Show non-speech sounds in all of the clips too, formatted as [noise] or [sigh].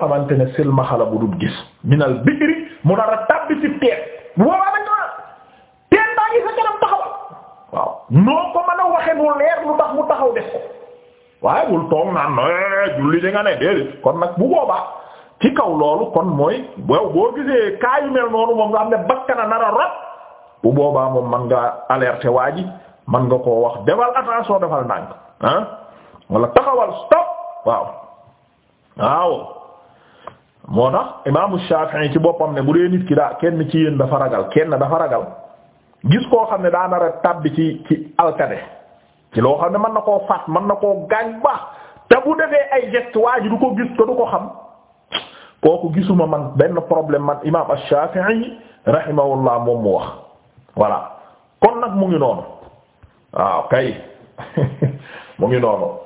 xamante ne silmaxa bu dul gis minal bihri mu nar a tàbbi ci teen woowaa nañ naa ko mën mu eh, kon nag bu boobaa ci kaw loolu kon mooy boow boo gisee kaayu mel noonu moom nga xam ne bakkana nar a bu boobaa moom man nga alerter waa ji man nga koo wax defal attention defal ndànk ah wala taxawal stop waaw waaw moo tax imaamu Shafi'i ci boppam ne bu dee nit ki daa kenn ci yéen dafa ragal kenn dafa ragal gis koo xam ne daa nar a tàbbi ci ci alkade ci loo xam ne mën na koo faat mën na koo gaañ baax te bu defee ay geste waa ji du ko gis te du ko xam kooku gisuma man benn problème man imaam Shafi'i rahimahullah moom mu wax voilà kon nag mu ngi noonu waaw kay [laughs] mu ngi noonu [laughs]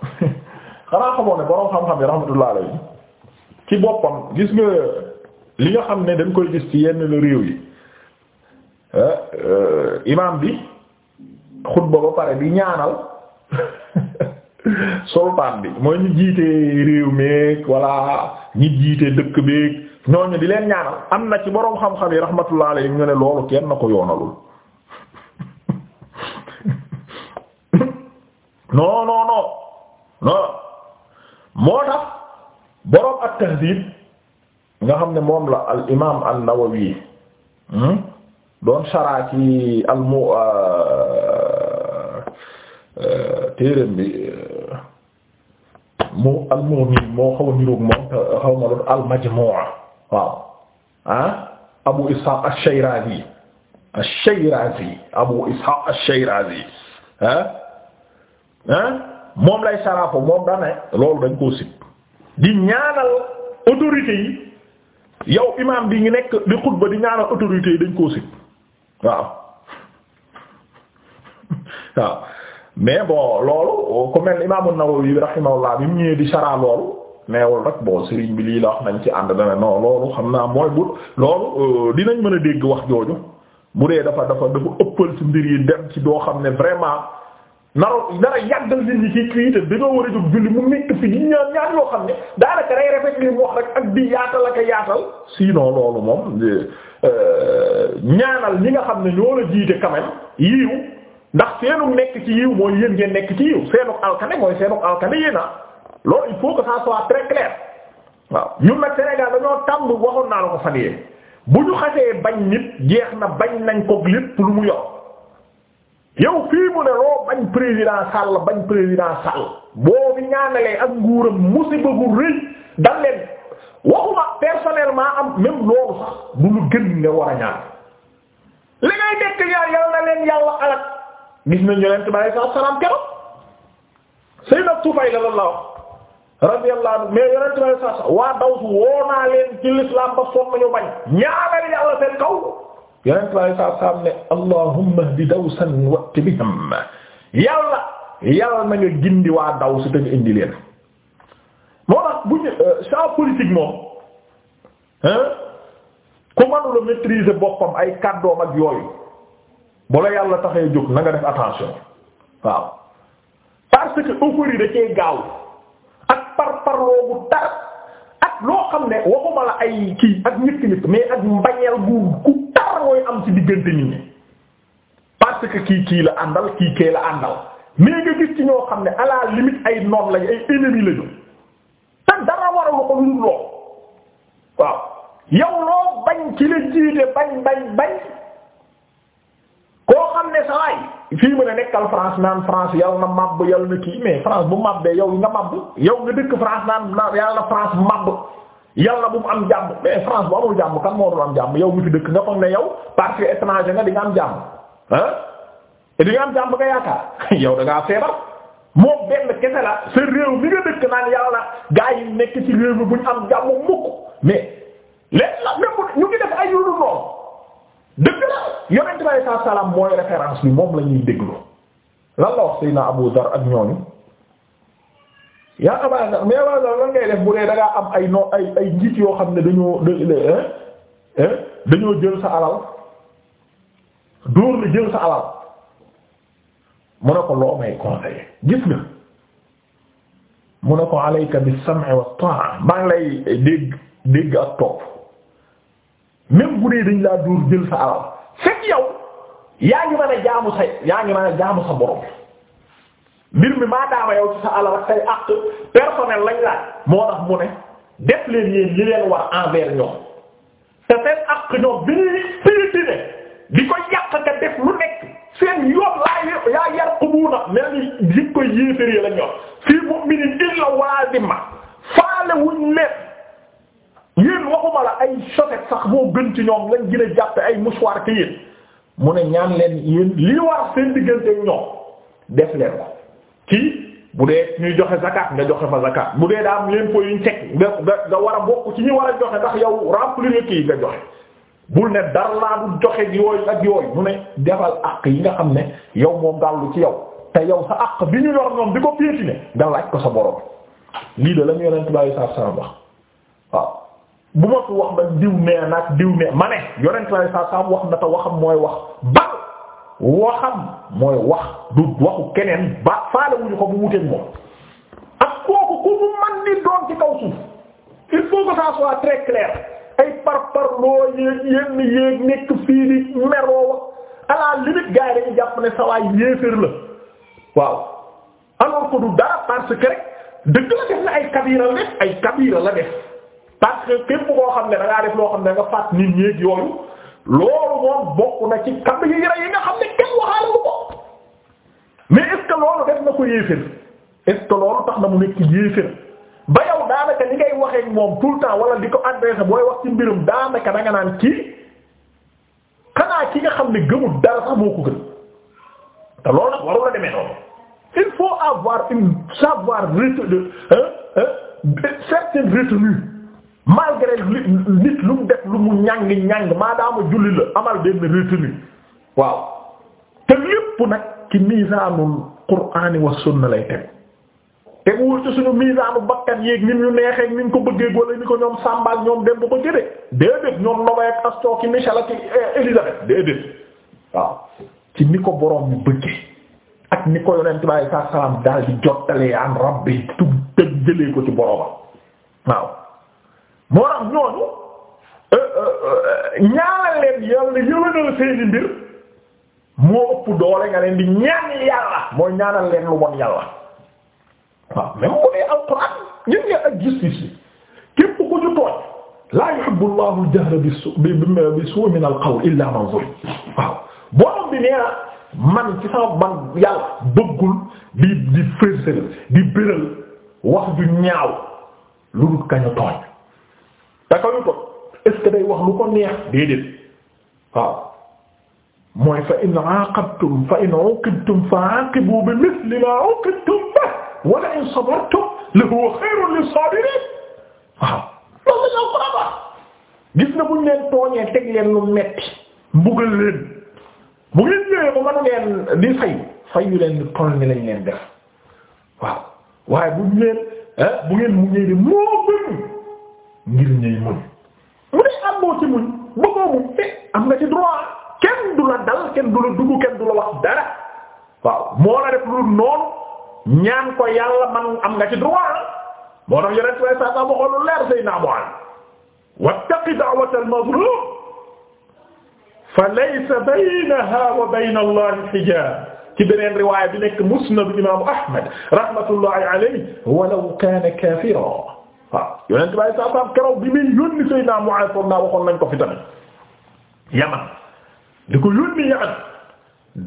xanaa xamoon ne borom xam-xam yi rahmatullah alayhi ci boppam gis nga li nga xam ne dañ koy gis ci yenn la réew yi eh, eh, imaam bi xutba ba pare di ñaanal [laughs] sultaan bi mooy ñu jiite réew meek walla ñi jiite dëkk beek ñooñu di leen ñaanal am na ci boroom xam-xam yi rahmatullah alayhim ñu ne loolu kenn na ko yoonalul [laughs] non non non moo tax boroom at-Tahdhib nga xam ne moom la al imaam an-Nawawi hmm, doon saraa al mu euh, euh, téereem bi euh, mu al-Mughni moo xaw a niroog moom xaw ma doon al-Majmu'a waaw ah Abu Ishaq ash-Shirazi ash-Shirazi Abu Ishaq ash-Shirazi ah ah moom lay saraa moom daa ne loolu dañ di ñaanal autorités yi yow imam bi ngi nekk di xutba di ñaanal autorités yi dañ koo sit waaw [laughs] waaw mais bon loolu ku mel imaamu Nawawi rahimahullah bi mu ñëwee di saraa loolu neewul rek bon sëriñ bi lii la wax nañ ci ànd dana non loolu xam naa mooy bu loolu euh, dinañ mën a dégg wax jooju bu dee dafa dafa dafa ëppal ci mbir yi dem ci doo xam ne vraiment naroo nara yàggal nit ñi ci kii te war a jóg julli mu nekk fi ñaan ñaan yoo xam ne daanaka day rafet li mu wax rek ak bi yaatal ak a yaatal sinon loolu moom euh, ñaanal ñi nga xam ne ñoo la jiite quand même yiiw ndax seenu nekk ci yiw mooy yéen ngeen nekk ci yiw seenu alkane mooy seenu alkane yéen a loolu il faut que ça soit très clair waaw ñun nag Sénégal dañoo tàmb waxoon naa la ko fan yee bu ñu xasee bañ nit jeex na bañ nañ kook lépp lu mu yow fii mu ne loo bañ président Sall bañ président Sall boo bi ñaanalee ak nguuram musiba gu rëy dal leen waxuma personnellement am même loolu sax du lu gën nga war a ñaan li ngay nekk ñaar yal na leen yàlla alal gis nañu leen tubaab salaam keroog Seydina Tufayl la radiyallahu anhu mais yonent bi waa dawsu woo naa leen ci lislaam ba sonn ñu bañ ñaanal yonent bi saa saam ne allahumma ihdi dawsan wa'ti bihim yàlla yàlla na nga gindi waa daw si te nga indi leen moo tax bu ñu champ euh, politique moom ku manula maîtriser boppam ay kàddoom ak yooyu bu la yàlla taxee jóg na def attention waaw parce que euphorie da cee gaaw ak par parloo bu tar ak loo xam ne waxuma la ay kii ak nit nit mais ak mbañeel bu tar am ci diggante nit ñi parce kii la àndal kii kee la ñoo xam ne à la ay noon lañu ay ennemis ko lu loo waaw yow loo bañ ci la jiite bañ bañ bañ koo xam ne sa waay fii mu ne nekkal France naan France yal na màbb yal bu màbbee yow nga yow nga dëkk France naan yal na France màbb yàlla bu mu am jàmm mais France bu amul jàmm kan moo am jàmm yow mu fi dëkk nga foog ne yow parce que étranger nga di nga am jàmm ah di nga am jàmm nga yaakaar [laughs] yow da ngaa feebar moom benn kese la sa réew mi nga dëkk naan yàlla gaa yi nekk ci réew mi bu ñu am jàmm mukk mais léegi la même ngi def ay yoonu noonu dëkk la yonent bi sallallahu alayhi wasallam mooy référence bi moom la ñuy déglu lan la wax Seydina Abu Dar ak ñooñu. yaa abaa Zarr mais abaa Zarr bu dee da am ay no ay ay njiit yoo xam ne dañoo eh eh dañoo jël sa alal dóor la jël sa alal mu ne ko loo may gis nga mu ne ko alayka bi sami wat-ta'a maa ngi lay dégg dégg ak topp même bu dañ laa dóor jël sa alal fekk yow yaa ngi mën a jaamu sa yaa ngi mën a jaamu sa borom. mbir mi maadaama yow ci sa alal ak say acte personnel lañ laaj moo tax mu ne def leen yéen li leen war envers ñoom te seen acte ñoom bi ñuy piétiner di ko yàq nga def lu nekk seen yoon laa yaa yar xubuuna mel ni li koy yéeféer yi la ñor fii mu'minin illa waazima faale wuñ leen yéen waxuma la ay chaussette sax moo gën ci ñoom lañ gën a jàppe ay mouchoir te yéen mu ne ñaan leen yéen li war seen diggante ñoom def leen ko kii bu dee ñuy joxe zakat nga joxe fa zakat bu dee daa am l'impôt yuñ teg nga nga war a bokk ci ñu war a joxe ndax yow remplir kii nga joxe bul ne dara laa du joxe yooyu ak yooyu mu ne defal àq yi nga xam ne yow moom gàllu ci yaw te yow sa àq bi ñu yor ñoom di ko piétiner nga laaj ko sa borom lii de la ñu yonent bi saa saa wax bu ma ko wax nag diw nee nag diw nee ma ne yonent bi saa saa wax na te waxam mooy wax ba. waxam mooy wax du waxu keneen ba faale wuñu ko bu wuteeg moom ak kooku ku mu man di doon ci kaw suuf il faut que ça soit très ay par par loo yéeg yenn yéeg nekk fii di meroo à la limite gars yi dañu jàpp ne sawaay yéeféer la waaw alors que du dara parce que rek dëgg la def na ay kabira la def ay kabira la koo xam ne da ngaa def loo xam ne da nga faat nit ñéeg yooyu loolu moom bokk na ci kàddu yi yëre yi nga xam ne kenn waxaale wu ko mais est loolu def na ko yéefér est loolu tax na mu nekk yéefér ba yow daanaka li ngay waxee moom tout le temps wala di ko adressé booy wax ci mbirum daanaka da nga naan kii xanaa ki nga xam ne gëmul dara sax moo ko gën te loolu nag waru la noonu il faut avoir une savoir retenue hein hein certaine retenue malgré nit lu mu def lu mu ñàng ñàng maadaama julli la amal benn retenu waaw te lépp nag ci miisaanul qur'aani wa sunna lay teg te wóor ci suñu miisaanu bakkan yéeg ni ñu neexee ni ñu ko bëggee wala ni ko ñoom sàmbaal ñoom dem ba ko jëlee déedéet ñoom Nobay ak Astor ki Michel ak Elisabeth déedéet waaw ci ni ko borom bi bëggee ak ni ko yonent bi sallallahu alayhi wasallam daal di jottalee an rabbi tu tëj jëlee ko ci boromam waaw. moo tax ñooñu euh, euh, ñaanal leen yàlla yëwénal seeni mbir moo ëpp doole nga leen di ñaan lu bon yàlla waaw même mu dee alquran ñun ñe ku ñu tooñ laa yuhibbu llahu al-jahra bis min al illa man zulim waaw borom bi man ci sama man yàlla bëggul di di fërsël di wax ju ñaaw lu dul kañu tooñ da ko yu ko est-ce que day wax lu ko neex déedéet waaw mooy fa in aqabtum fa in uqibtum fa aqibu bi mithli ma uqibtum bi wala in sabartum la huwa khayrun lis-sabirin waaw loolu la ñu ko gis na buñ leen tooñee teg leen lu metti mbugal leen bu ngeen ñëwee ba mën ngeen di fay fayu leen di toll ni lañ leen def waaw waaye buñ leen eh, bu ngeen mu ñëwee moo gën ngir ñuy muñ mu ne am moo ci muñ bëggoo muñ te am nga ci droit kenn du la dal kenn du la dugg kenn du la wax dara waaw moo la def lu ko yàlla man am nga ci droit moo tax yonent way saa saa waxoon lu leer say naa mu an wattaqi da'wata al-mazlum fa laysa baynaha wa bayna bi nekk musnad imam Ahmad rahmatullahi alayhi walaw kana kafira waaw yonent bi saa saa keroog bi muy yónni Seydina Mu'aaz naa waxoon nañ ko fi tamit Yaman di ko yónni Yaman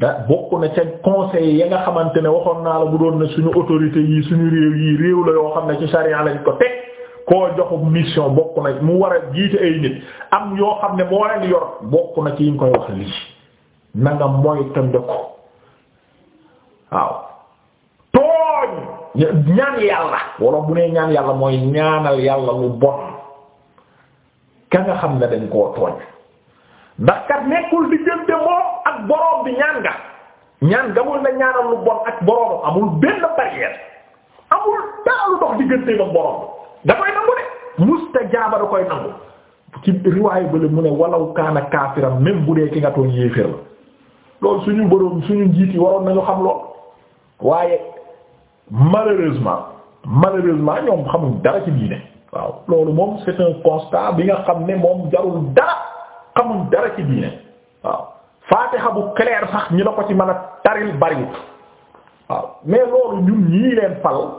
da bokk na ca conseil ya nga xamante ne waxoon naa la bu doon ne suñu autorité yi suñu réew yi réew la yoo xam ne ci charia lañ ko teg koo joxub mission bokk na mu war a jiite ay nit am yoo xam ne moo leen yor bokk na ci ñu koy wax lii na nga moytandiku waaw ñaan yàlla wala bu nee ñaan yàlla mooy ñaanal yàlla lu bon ka nga xam ne dañ koo tooñ ndax kat nekkul diggante moom ak boroom bi ñaan nga ñaan gamul na ñaanal lu bon ak boroomam amul benn barrière amul dara lu dox diggante ak boroom da koy nangu de mustajaaba da koy nangu ci riwaayu bële mu ne walaw kaana kaafiram même bu dee ki nga tooñ yéeféer la loolu suñu boroom suñu njiit yi waroon nañu xam lool waaye malheureusement malheureusement ñoom xamuñ dara ci diine waaw loolu moom c'est un constat bi nga xam ne moom jarul dara xamuñ dara ci diine waaw faatiha bu clair sax ñu la ko ci mën a taril bari waaw mais loolu ñun ñii leen fal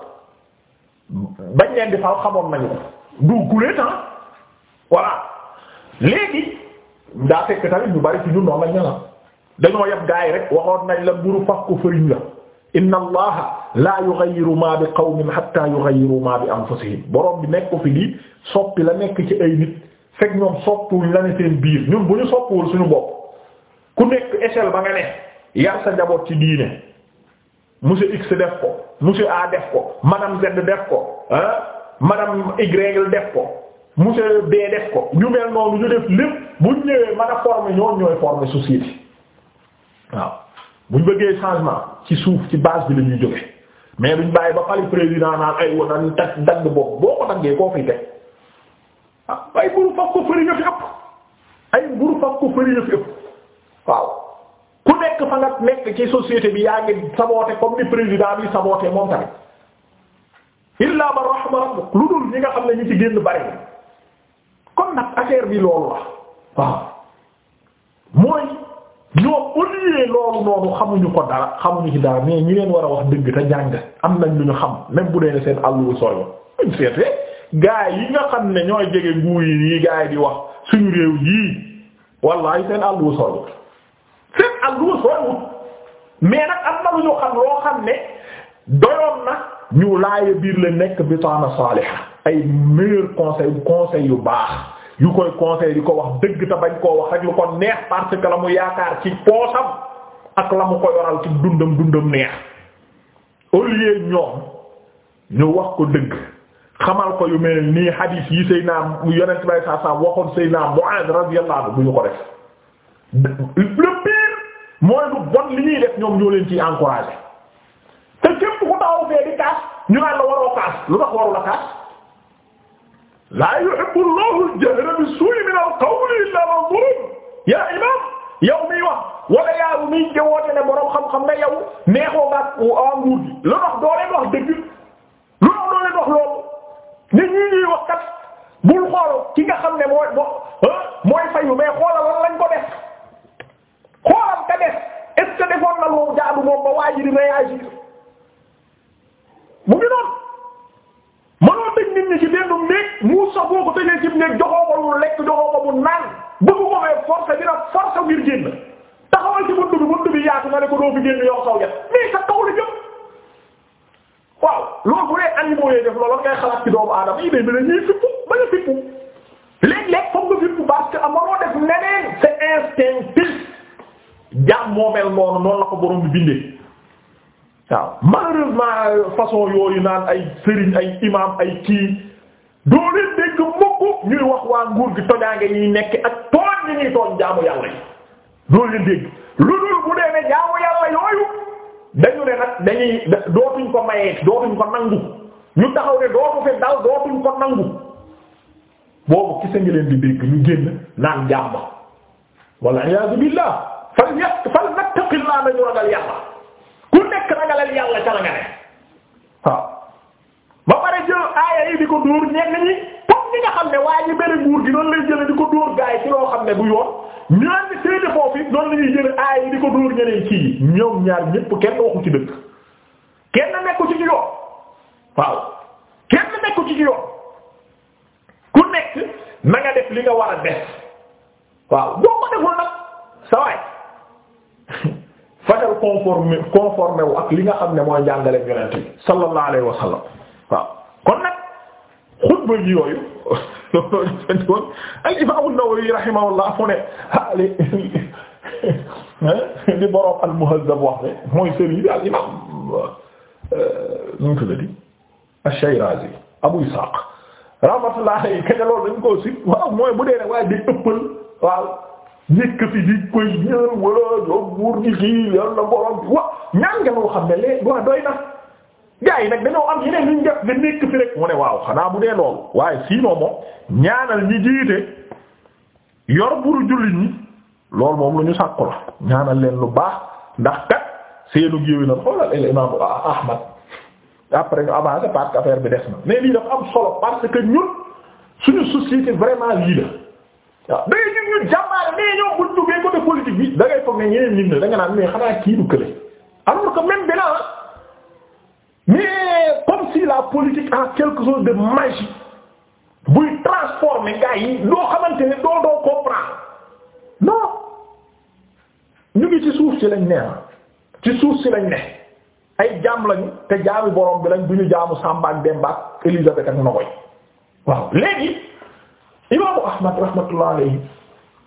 bañ leen di fal xamoon nañu ko du gulee temps voilà léegi daa fekk tamit ñu bari ci ñun noonu lañ ne la dañoo yab gaay rek waxoon nañ la mburu fax ko fëriñ la inna laa yughayyiru ma bi qawmin hatta yughayyiru ma bi anfusihim borom bi nekk ko fi di soppi la nekk ci ay nit fekk ñoom soppiwuñ la ne seen biir ñun bu ñu soppiwul suñu bopp ku nekk échelle ba nga ne yar sa njaboot ci diine monsieur X def ko monsieur A def ko madame Z def ko ah def ko monsieur B def ko ñu mel noonu ñu def lépp buñ ñëwee mën a former ñoom ñooy former société waaw buñ bëggee changement ci suuf ci base bi la ñuy jóge mais duñ bàyyi ba pali président naan ay woon nañ tag dagg boobu boo ko daggee koo fiy teg ah ay buru fag ko fëri ña ay buru fag ko fëri ña waaw ku nekk fa nga nekk ci société bi yaa ngi saboote comme ni président bi saboote moom tamit illa man rahma rabbuk lu dul ñi nga xam ne ñu ci génn bari kon nag affaire bi loolu la waaw mooy ñoom au lieu loolu noonu xamuñu ko dara xamuñu ci dara mais ñi leen war a wax dëgg te jàng am nañ lu ñu xam même bu dee ne seen àlluwu sooy woon seetee yi xam ne ñooy jege nguur yi gaa di wax suñu réew yii wallahi seen àlluwu sooy woon seen àlluwu nag am na lu ñu xam loo xam ne doyoon na ñu laaj biir la nekk bi taana saaliha ay meilleurs conseils conseils yu baax. yu koy conseil di ko wax dëgg te bañ koo wax rek ko neex parce la mu yaakaar ci poosam ak la mu ko yoral ci dundam dundam neex au ñoom ñu wax ko dëgg xamal ko yu mel nii hadith yi Seydina yonent bi saa saa waxoon Seydina Muaz radiyallahu anhu bu ñu ko def le pire mooy lu bon li ñuy def ñoom ñoo leen ciy encouragé te képp ku taxaw fee di kaas ñu naan la waroo kaas lu tax waru kaas. laa yuhibbu Allahu al-jahra bis-suu'i mina al-qawli illaa man zulima yaa imaam yow miy wax wala yaa miy jëwoote ne borom xam-xam nga yow neexoo nga ak waa nguur gi lu tax doo leen wax dëgg lu tax doo leen wax loolu nit ñi ñuy wax kat bul xool ki nga xam ne mooy ah, mooy fayu mais xoolal lan lañ ko def xoolal ka def est ce que defoon na lu jaadu moom ba waa ji di réagir mu ngi noonu. tëj nit ñi ci benn néeg Muusa boo ko tëjee ci néeg joxoo ko lu lekk joxoo ko mu naan bëgg ko fee force dina force ngir génn taxawal ci bunt bi bunt bi yaatu nga ne ko doo fi génn sa kaw la jëm waaw loolu bu dee animaux yee def loolu ngay xalaat ci doomu aadama yi day mel ne ñuy fippu ba nga fippu léeg-léeg foog nga fippu parce que amaloo def neneen c'est instinctif jaam moo mel noonu noonu la ko borom bi bindee waaw malheureusement façon yooyu naan ay sëriñ ay imam ay kii doo leen dégg mukk ñuy wax waa nguur gi tojaange ñuy nekk ak tooñ ñi ñuy tooñ jaamu yàlla yi doo leen dégg lu dul bu dee ne jaamu yàlla yooyu dañu ne nag dañuy dootuñ ko mayee dootuñ ko nangu ñu taxaw ne dootu fi dal dootuñ ko nangu boobu kese ngi leen di dégg ñu génn naan jàmm walla iyaazu billaah fal yattaqillaa nañu ragal yàlla ku nekk ragalal yàlla ca la nga ne waaw ba pare jël aaya yi di ko dóor ñenn ñi comme nga xam ne waaye ñu bëri nguur gi noonu lay jële di ko dóor gaay ci loo xam ne du yoon ñaan ni séede foofu it noonu la ñuy jële aaya yi di ko dóor ñeneen ci ñoom ñaar ñépp kenn waxu ci dëkk kenn nekku ci ci yoon waaw kenn nekku ci ci yoon ku nekk na nga def li nga war a def waaw boo ko deful nag sa waay conformé conformé wu ak li nga xam ne mooy njàngale yonent bi sallallahu alayhi wa sallam waaw kon nag xutba ji yooyu loolu lañ [laughs] woon al imam an-Nawawi rahimahullah fu ne li [laughs] borom al-Muhazzab wax ne mooy sëriñ bi al imam euh, nu mu tuddati ash-Shirazi Abu Ishaq rahmatullah alayhi kañ loolu dañ koo si waaw mooy bu dee rek waaye di ëppal waaw. nekk fi di koy ñaan wala buur gi kii yàlla borom bi wa ñaan nga loo xam ne lee waa doy na gars yi nag dañoo am yeneen luñ def nga nekk fi rek mu ne waaw xanaa bu dee loolu waaye sinon moom ñaanal ñi jiite yor buuru jullit ñi loolu moom lu ñu sàkku la ñaanal leen lu baax ndax kat seenu géewi na xoolal el imam Ahmad après ñu avancé parce que parce que ñun suñu société vraiment lii la waaw mais ñun ñu jàmbaare mais ñoom bu duggee côté politique bi da ngay foog ne ñeneen ñi ne da nga naan mais xanaa kii du kële alors que même bi la ah, mais comme si la politique en quelque chose de magique buy transformer gars yi doo xamante doo doo comprendre non ñu ngi ci suuf si lañ ne ah, ci suuf lañ ne ay jaam lañ te jaami borom bi lañ du ñu jaamu Samba ak Demba ak Elisabeth ak Nogoy waaw léegi. imaamu ahmad rahmatullah alayhi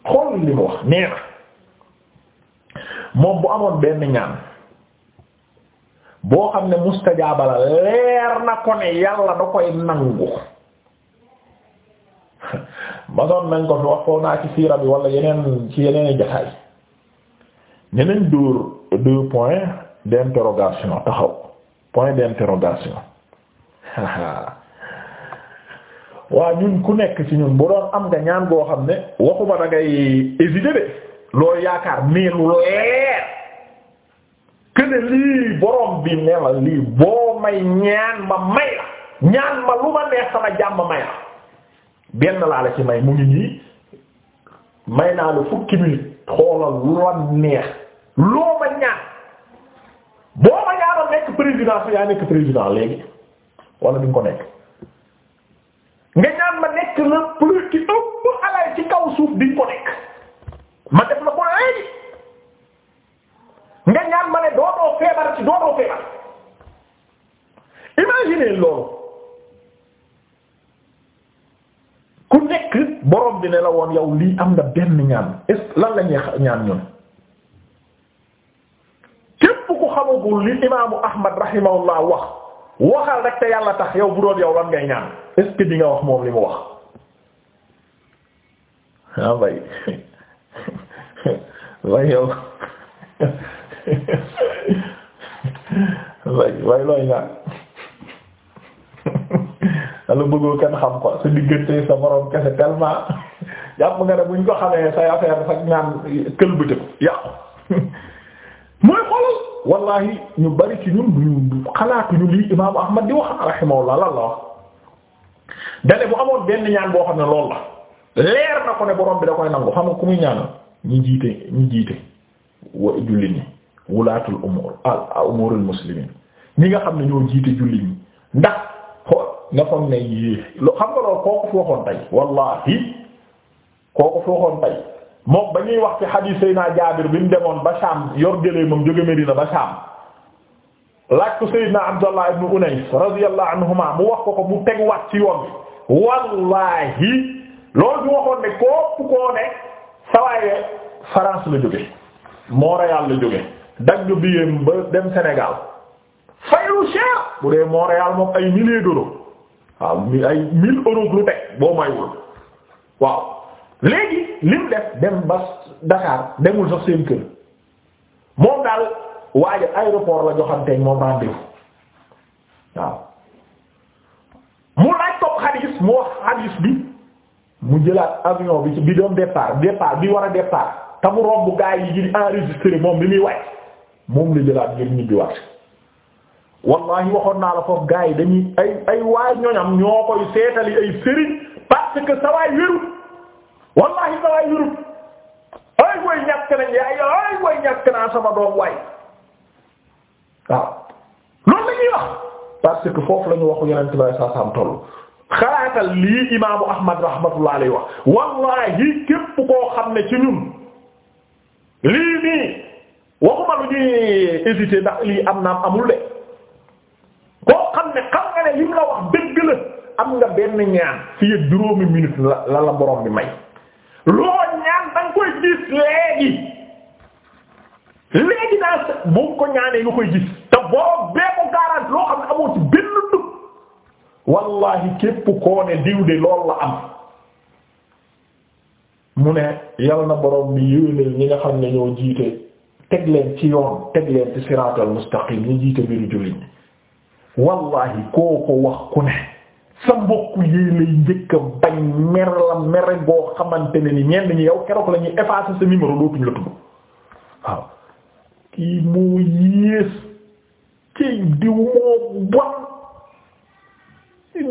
xool li mu wax nee na moom bu amoon benn ñaan boo xam ne mustajaaba la leer na ko ne yàlla da koy nangu [laughs] masoon nañ ko fi wax foofu naa ci siira bi wala yeneen ci yeneen i jaxaay ñeneen dóor deux points d'interrogation taxaw point d'interrogation [laughs] waa ñun ku nekk ci ñun bu doon am nga ñaan goo xam ne waxuma da ngay de loolu yaakaar mais lu leer que lii borom bi ne la lii boo may ñaan ma may la ñaan ma lu ma neex sama jàmm may la benn laa la ci may mu ngi nii may naa la fukki minute xoolal lu la neex loo ma ñaan boo ma ñaanal nekk président su yaa nekk président léegi wala duñ ko nekk. nga ñaan ma nekk la plus ci ëpp alal ci kaw suuf diñ ko nekk ma def la ko léegi nga ñaan ma ne dootoo feebar ci dootoo feebar imaginez loolu ku nekk borom bi ne la woon yow lii am nga benn ñaan est ce la ñaan ñun képp ku xamagul li imaamu Ahmad rahimahullah wax waxal rek te yàlla tax yow bu doon yow lan ngay ñaan est-ce di nga wax moom li mu wax ah bay [laughs] bay yow [laughs] bay bay looy ñaan [laughs] bëggoo kenn xam ko sa diggante sa morom kese tellement jàpp nga bu buñ ko xamee say affaire sax ñaan këlbati ko yàqu mooy xoolal wallahi ñu bari ci ñun duñu xalaatuñu lii imaamu ahmad di wax rahimahullah lan la wax dane bu amoon benn ñaan boo xam ne loolu la leer na ko ne borom bi da koy nangu xam nga ku muy ñaanal ñi nga xam ne ñoo jiite julli ñi wallahi kooku fi waxoon moom ba ñuy wax ci xadiis Seydina Jaabir bi mu demoon ba Sham yor gëlee moom jóge Medina ba Sham laaj ko Seydina Abdallah ibn Unays radiyallahu anhuma mu wax ko ko mu teg wax ci yoon bi wallahi loolu ñu waxoon ne kopp koo ne sawaaye France la jóge Montréal la jóge dagg biyeem ba dem Sénégal fayu cher bu dee Montréal moom ay milliers d'euros waaw mi ay mille euros lu teg boo maywul waaw léegi lim def dem ba Dakar demul sax seen kër moom daal waaye aéroport la joxanteeg moom rendez-vous waaw mu laaj topp xadiis mu wax xadiis bi mu jëlaat avion bi bi doon départ départ bi war a départ te mu romb gaa yi ji di moom bi muy wàcc moom la jëlaat ngir ñibbiwaat wallahi waxoon naa la foofu gaa yi dañuy ay ay waay ñoñam ñoo koy seetali ay sëriñ parce sa waay wérut wallahi dawaa yurub ay way ñàkk nañ yaay ay way ñàkk naa sama doom waay waaw loolu la wax parce que foofu la waxu yenente bay saa sam toll xalaatal lii imaamu ahmad rahmatullah alayhi wax képp koo xam ne ci ñun lii nii waxuma lu ñuy hésité ndax lii am naam amul de koo xam ne xam nga ne lim la wax dëgg la am nga benn ñaan fi juróomi minute la la borom bi may loo ñaan da koy gis léegi léegi daal bu ko ñaanee nga koy gis te boo bee ko garanti loo xam ne amoo ci benn dugg wallahi képp koo ne diw de loolu la am mu ne yal na boroom bi yéwénal ñi nga xam ne ñoo jiite teg leen ci yoon teg leen ci siraatal mustaqim ñu jiite biiru jullit ñi wallahi koo ko wax ku ne sa mbokk yi lay njëkk a bañ mer la mere goo xamante ne ni ñenn ñi yow keroog lañuy ñuy effacer sa numéro dootuñu la tudd waaw kii moo yées kii diw moo bon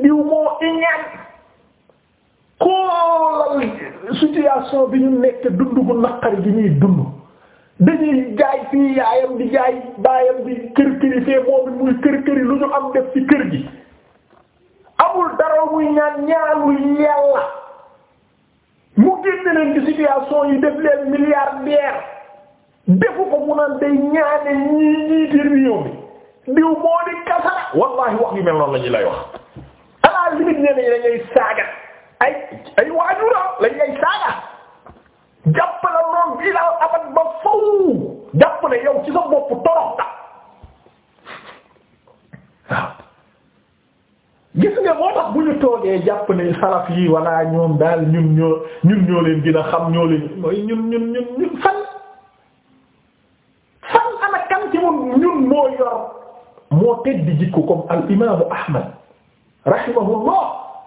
diw moo iñaan xoolal situation bi ñu nekk dund bu naqari gi ñuy dund dañuy jaay fii yaayam di jaay baayam di kër këri fee moom muy kër këri lu ñu am def ci kër gi amul dara muy ñaan ñaanul yàlla mu génne leen ci situation yi def leen milliardaire defu ko mu naan day ñaane ñii ñii di réew diw moo di kasara wallahi wax yu mel noonu la lay wax à la limite ñeneen ñi dañuy saaga ay ay waajura lañ lay saaga jàpp la noonu bii daal abat ba faw jàpp ne yow ci sa bopp torox ta gis nga moo tax bu ñu toogee jàpp ne salaf yi walla ñoom daal ñun ñoo ñun ñoo leen gën xam ñoo leen mooy ñun ñun ñun ñun fan fan ana kan ci mun ñun moo yor moo tedd jikko comme al imaamu Ahmad rahimahullah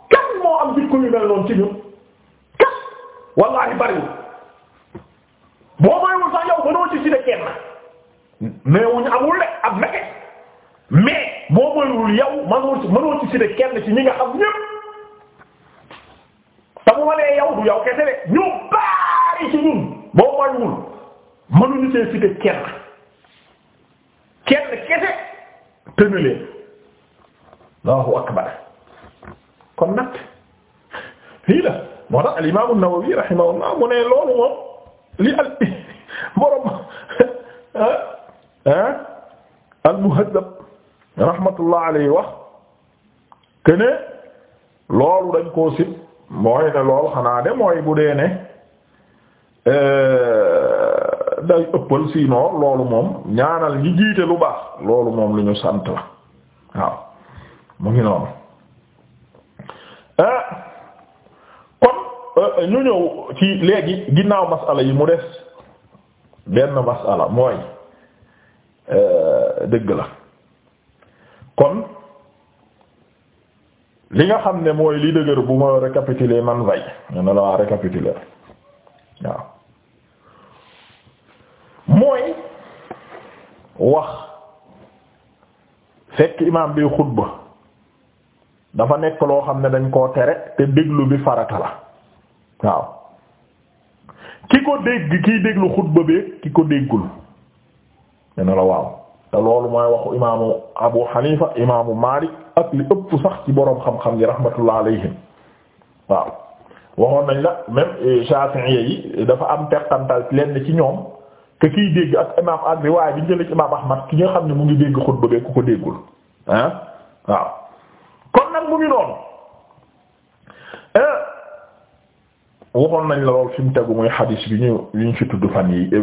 kan moo am jikko yu mel noonu ci ñun kan wallaahi bariwul boo mayul sax yow mënoo ci ci de kenn mais wuñu amul le am nake mais boo mënul yow mënoo ci mënoo ci citer kenn ci ñi nga xam ñépp te bu ma nee yow du yow kese de ñu bari ci ñun boo mënul mënuñu see citer kenn kenn kese tënalee Allahu akbar kon nag fii la moo tax mu ne loolu moom li al [laughs] borom [laughs] ah, ah al muhaddab rahmatullah alayhi wax que ne loolu dañ koo sib mooy ne lool xanaa de mooy bu dee ne euh, day ëppal sinon loolu moom ñaanal ñi jiite lu baax loolu moom lu ñu sant la waaw mu ngi noonu euh, kon euh, ñu ñëw ci léegi ginnaaw masala yi mu des benn masala mooy dëgg la kon li nga xam ne mooy li dëgër bu ma récapituler man way ñu ne la waa récapituler waaw mooy wax fekk imaam bi xutba dafa nekk loo xam ne dañ koo tere te déglu bi farata la waaw ki ko dégg kiy déglu xutba bi ki ko déggul ñu ne la waaw te loolu mooy waxu imaamu Abu Hanifa imaamu Malik ak li ëpp sax ci boroom xam-xam yi rahmatullah alayhim waaw waxoon nañ la même eh, Shafi'i yi dafa am teqantal lenn ci ñoom te kiy dégg ak imaam ak riwaaya bi ñu ci imaam Ahmad ki nga xam ne mu ngi dégg xutba bi ku ko déggul ah waaw kon nag mu ngi noonu eh, waxoon nañ la lool fi mu tegu muy xadiis bi ñu ñu ci tudd fan yi eh,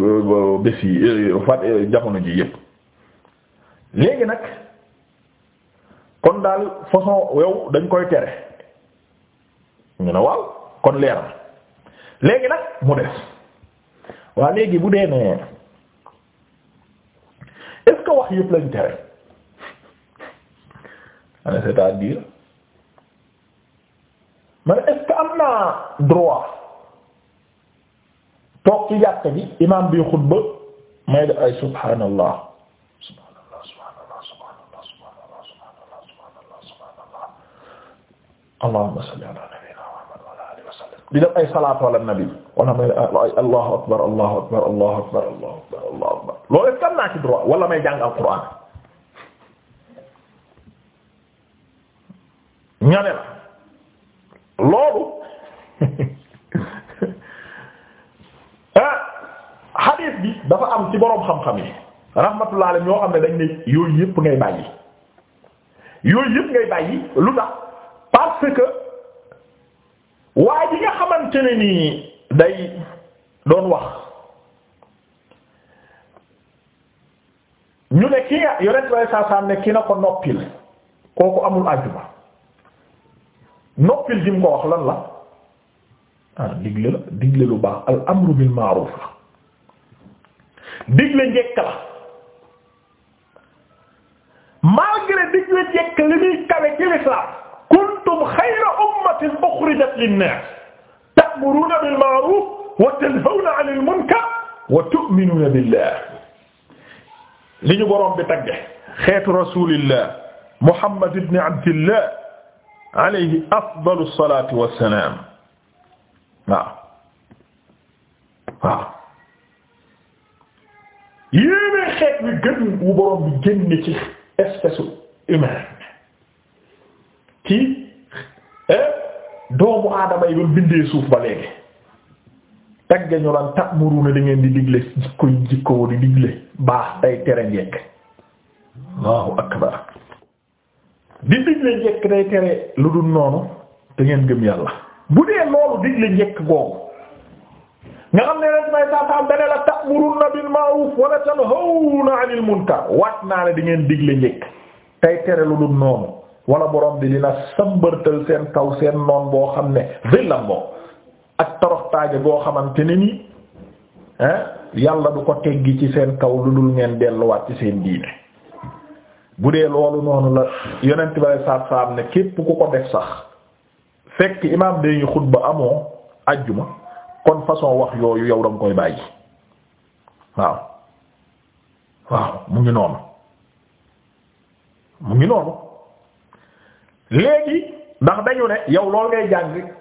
bés yi fan jamono ji yépp léegi nag kon daal façon yow dañ koy tere ñu ne waaw kon leer na léegi nag mu des waa léegi bu dee ne est wax yépp lañ tere ana c'est-à-dire man am naa droit toog ci jàkka ji imam bi xutba may def ay subhanallah allahumma salli ala nabiyyina muhammad wa ala alihi wa sallam di def ay salaatu ala nabi wala may ay akbar allahu akbar allahu akbar allahu akbar allahu akbar loolu kan naa ci droit may jàng alquran ñane la loolu xadiis [laughs] ah, bi dafa am ci boroom xam-xam yi rahmatullah alayhi ñoo xam ne dañ ne yooyu ngay bàyyi yooyu yëpp ngay bàyyi lu tax parce que waa ji nga xamante ne nii day doon wax ñu ne ki nga yonent way saasaam ne ki na ko noppil kooku amul àjjuma noppil jim ko wax lan la ah digle la digle lu baax al amru bil ma'ruf la digle njekk la malgré digle njekk li muy kawe ci l'islam kuntum xayra ummatin uxrijat linnaas ta'muruuna bil ma'ruuf wa tanhawna 'anil munkar wa tu'minuuna billah li ñu boroom bi tagge xeetu rasulillah Muhammad ibn Abdillah alayhi afdalu salaatu wa salaam waaw waaw yéenee xeet wi gën wu boroom bi génn ci espèce humaine ci doomu aadama yi ba bindee suuf ba léegi tagge ñu lan ta'muruna da ngeen di digle jikko jikko di digle baax day tere njekk allahu akbar di digle njekk day tere lu dul noonu da ngeen gëm yàlla bu dee loolu digle njekk googu nga xam ne rek may saasaam dane la ta'muruna bil ma'ruf wala tanhawna 'anil munkar waat naa ne di ngeen digle njekk tey tere lu dul noonu wala borom bi dina sëmbërtal seen kaw seen noon boo xam ne villam boo ak toroxtaage boo xamante ne nii ah yàlla du ko teggi ci seen kaw lu dul ngeen delluwaat ci seen diine bu dee loolu noonu la yonent bi alei saatu ne képp ku ko def sax fekk imaam day xutba amoo ajjuma kon façon wax yooyu yow danga koy bàyyi waaw waaw mu ngi noonu mu ngi noonu léegi ndax dañu ne yow loolu ngay jàng